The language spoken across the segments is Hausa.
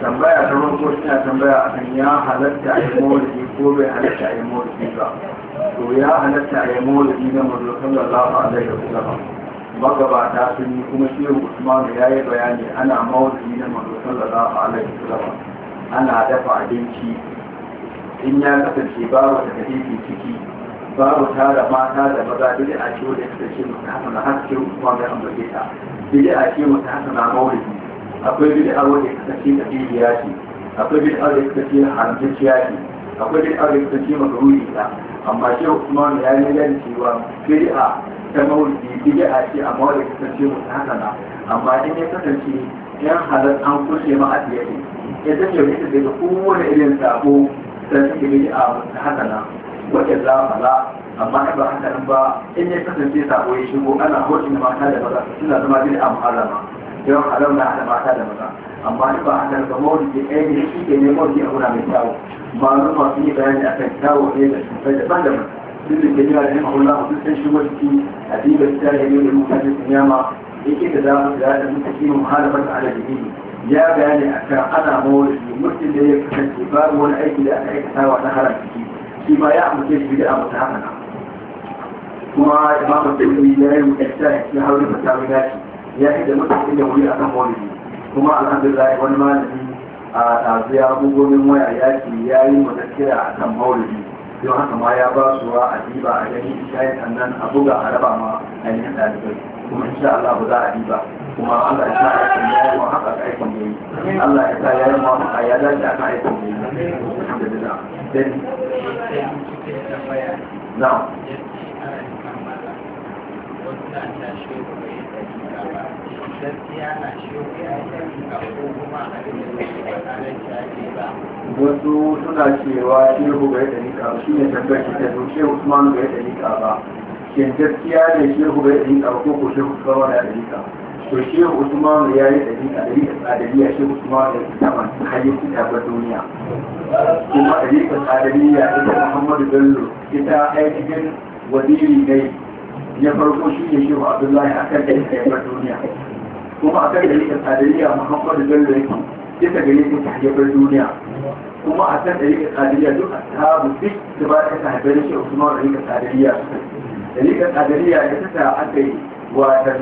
tambaya ta farko suna tambaya akan ya halatta a yi ko bai halatta a yi ba to ya halatta a yi mawulidi na mazlokan da za a da sallama magabata sun yi kuma shehu usman ya yi bayani ana mawulidi na mazlokan da za a da sallama ana dafa abinci in ya kasance babu ta kadifi ciki babu tara mata da maza bidi a ce wadda ta ce mutu hasana haske usman ya ambace ta bidi a mutu hasana mawulidi akwai bid'a aure ya kasance da bidiya ce akwai bid'a wanda ya kasance haramtacciya ce akwai bid'a wanda ya kasance makaruri ta amma shi Usman ya yi gani cewa bid'a ta mawulidi bid'a ce amma wanda ya kasance mutahana amma in ya kasance yan halar an kushe ma a tsaye ya zai yau ita daga kowane irin sabo dan ta bid'a mutahana wata zafala amma in ba haka ba in ya kasance sabo ya shigo ana hotun mata da maza suna zama a muharrama don halau na haɗa mata da maza amma ni ba a nan ga mawuli da ɗaya ne shi ke ne mawuli a wuna mai kyawu malum masu yi bayani a kan kyawu ne da cutar daban-daban duk da ke jira da yin hula a duk shigo ciki a diba ta da yau da mutane sun yama yake da za mu da da muka kima muhalafar da ala jini ya bayani a kan ana mawuli mutum da ya kasance babu wani aiki da aka aikatawa na haram ciki shi ma ya amince shi da amsa haka kuma imamu da ya yi mutunta ya hauri fata mai gashi ya yi da mutane da wuri a kan maulidi kuma alhamdulillah wani malami a ɗazu ya gugomin waya yaki ya yi mutakira a kan maulidi don haka ma ya ba su a diba a gani shayin annan a buga a raba ma ainihin ɗalibai kuma insha Allah ba za a diba kuma Allah ya sa a yakin ya yi ma haka ka aikin da yi Allah ya sa ya yi ma haka ya dace a kan aikin da yi alhamdulillah dan wasu suna cewa shehu bai da nika shi ne tambayar shi ta zo shehu usman bai da nika ba shin gaskiya ne shehu bai da nika ko ko shehu usman bai da nika to shehu usman ya yi da nika da rika tsadariya shehu usman da fita man hayyar fita ga duniya kuma da nika tsadariya ita muhammadu bello ita aikin wadiri ne ya farko shi ne shehu abdullahi akan da nika ya duniya kuma a kan ɗariƙar tsadariya muhammadu bello yake duka gare su ta hajjabar duniya kuma a kan ɗariƙar tsadariya duk ashabu duk da ba ta hajjabar shi usman ɗariƙar tsadariya ɗariƙar tsadariya ita ta aka yi watan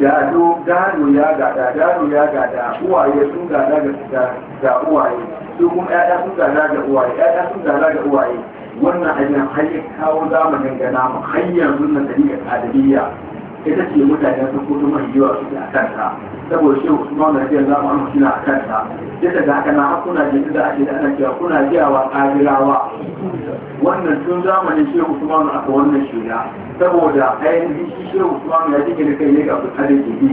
gado gado ya gada gado ya gada uwaye sun gada ga uwaye su kuma ya da sun gada ga uwaye ya da sun gada ga uwaye wannan abin har ya kawo zamanin gana mu har yanzu na ɗariƙar tsadariya ita ce mutane sun kudu mai yawa suke a kanta saboda shi Usman na jiya zama an suna a kanta yadda da haka na hakuna jini da ake da ana cewa kuna jiyawa kagirawa wannan tun zamanin shi wani aka wannan shida saboda ainihin shi shi wani ya jike da kai ne ga Abdulkadir Jibi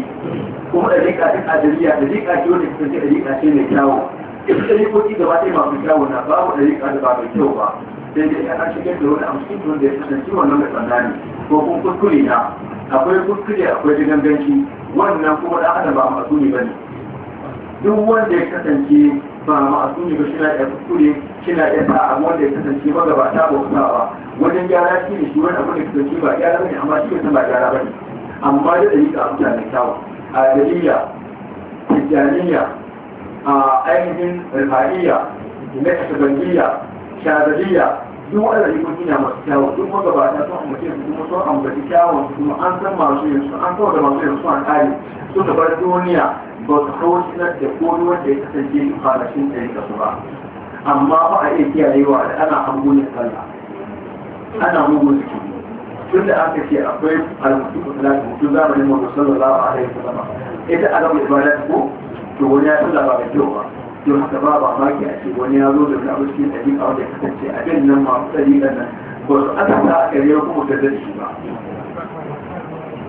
kuma da rika ta kadiriya da rika ce wanda ta ce rika ce mai kyawu ita da rikoki gaba ɗaya masu kyawu na babu da rika da ba mai kyau ba Daidai dai an shigar da wani amshin don da ya kasance wannan mai tsanda ne ko kuma kuskure na akwai kuskure akwai jiganganci wannan kuma da ana ba masu ne bane duk wanda ya kasance ah, ba masu ne ba shina iya kuskure shina iya abu wanda ya kasance ba gaba ta ba kusa ba wajen gyara shi ne shi wani abu da kasance ba gyara bane amma shi ne ba gyara bane amma da dalilin a mutane kyawu a dalila tijjaniya a ainihin rifa'iyya na kasabandiyya shazaliya duk wanda ne kun ina masu kyawu duk wanda ba ta son mutum kuma sun ambaci kyawun kuma an san masu yin su an kawo da masu yin su an kare su da bar duniya ba su kawo shi na da komi wanda ya kasance su kwanakin da ya kasu ba amma ba a iya kiyayewa da ana hangunin sallah ana mugun jiki tun da aka ce akwai almutu ko salatu mutu zamanin mutu sallallahu alaihi wasallam ita alamu ibadatu ko to wani ya sallah ba da kyau ba don haka ba ba maki a ce wani ya zo da wani abu cikin ɗari a wanda ya kasance a bin nan masu ɗari da nan ba su aka sa a gare kuma da zai ba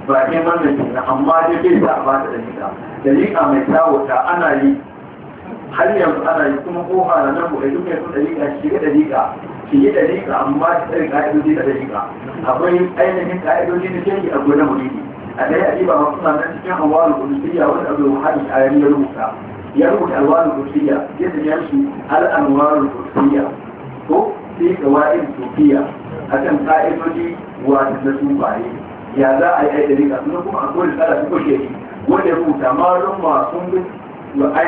ba ke wannan kenan amma dai bai sa a ba ta dalila dalila mai tawata ana yi har yanzu ana yi kuma ko hana nan ko duk mai dalila shi ga dalila shi ga dalila amma shi tsari ka'idoji da dalila akwai ainihin ka'idoji da shirki a gwada mulki a dai a ba masu nan cikin hawa da kudusiya wani abu da wahali a yayin rubuta يملك الوان الكرسية جسم يمشي الأنوار الكرسية في كوائد كرسية أتم قائد مجي واتسلس مباري يا لا أي أي دليل أصنعكم أقول الثلاث كل شيء ودفوت مارم وصنب وأي